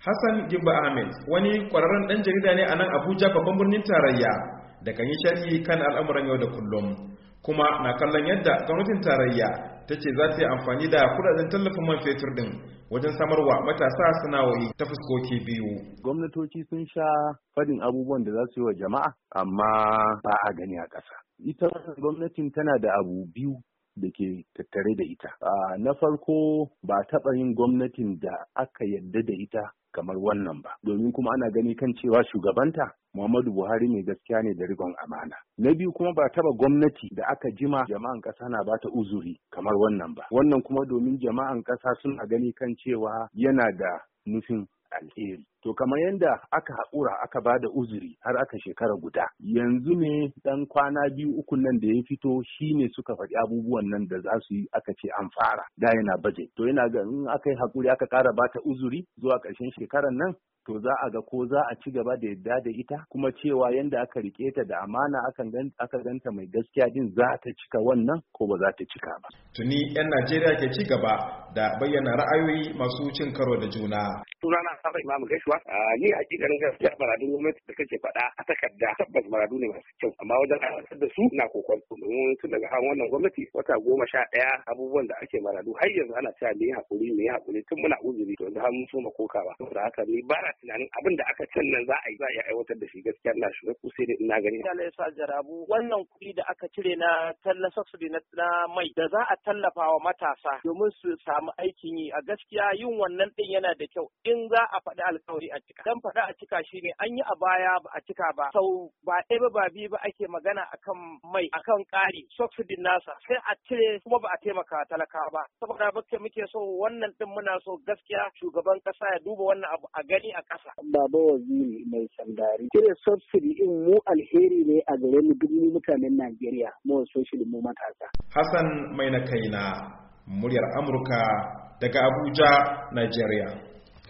Hassan Gimba Ahmed wani kwararren ɗan jarida ne a nan Abuja babban birnin tarayya da kan yi sharhi kan al'amuran yau da kullum kuma na kallon yadda gwamnatin tarayya ta ce za ta yi amfani da kudaden tallafin man fetur din wajen samarwa matasa sana'o'i ta fuskoki biyu. Gwamnatoci sun sha fadin abubuwan da za su yi wa jama'a amma ba a gani a ƙasa. Ita gwamnatin tana da abu biyu da ke tattare da ita. Na farko ba taɓa yin gwamnatin da aka yadda da ita kamar wannan ba domin kuma ana gani kan cewa shugabanta Muhammadu Buhari ne gaskiya ne da rigon amana. Na biyu kuma ba taɓa gwamnati da aka jima jama'an ƙasa na bata uzuri kamar wannan ba. Wannan kuma domin jama'an ƙasa suna gani kan cewa yana da nufin alheri. To kamar yadda aka haƙura aka ba da uzuri har aka shekara guda. Yanzu ne dan kwana biyu uku nan da ya fito shi ne suka faɗi abubuwan nan da za su yi aka ce an fara da yana baje. To yana ga in aka yi haƙuri aka ƙara ba ta uzuri zuwa ƙarshen shekarar nan to za a ga ko za a ci gaba da yadda da ita kuma cewa yadda aka rike ta da amana aka ganta mai gaskiya din za ta cika wannan ko ba za ta cika ba. Tuni 'yan Najeriya ke ci gaba da bayyana ra'ayoyi masu cin karo da juna. Sunana Imamu a ni hakikanin gaskiya maradun gwamnati da kake faɗa a takarda tabbas maradu ne masu kyau amma wajen aiwatar da su na kokon domin tun daga hawan wannan gwamnati wata goma sha ɗaya abubuwan da ake maradu har yanzu ana cewa me hakuri me hakuri tun muna uzuri to yanzu har mun soma kokawa saboda haka ni ba na tunanin abin da aka can nan za a yi za a iya aiwatar da shi gaskiya na shiga ku sai ina gani Allah ya sa jarabu wannan kuɗi da aka cire na talla subsidy na mai da za a tallafa wa matasa domin su samu aikin yi a gaskiya yin wannan din yana da kyau in za a faɗi alƙawari sauri a cika dan faɗa a cika shine an yi a baya ba a cika ba sau ba ɗaya ba biyu ba ake magana akan mai akan ƙari subsidin nasa sai a cire kuma ba a taimaka talaka ba saboda bakke muke so wannan din muna so gaskiya shugaban ƙasa ya duba wannan abu a gani a ƙasa baba waziri mai sandari cire subsidy in mu alheri ne a gare mu duk mutanen Najeriya mu social mu matasa Hassan mai na kai na muryar Amurka daga Abuja Nigeria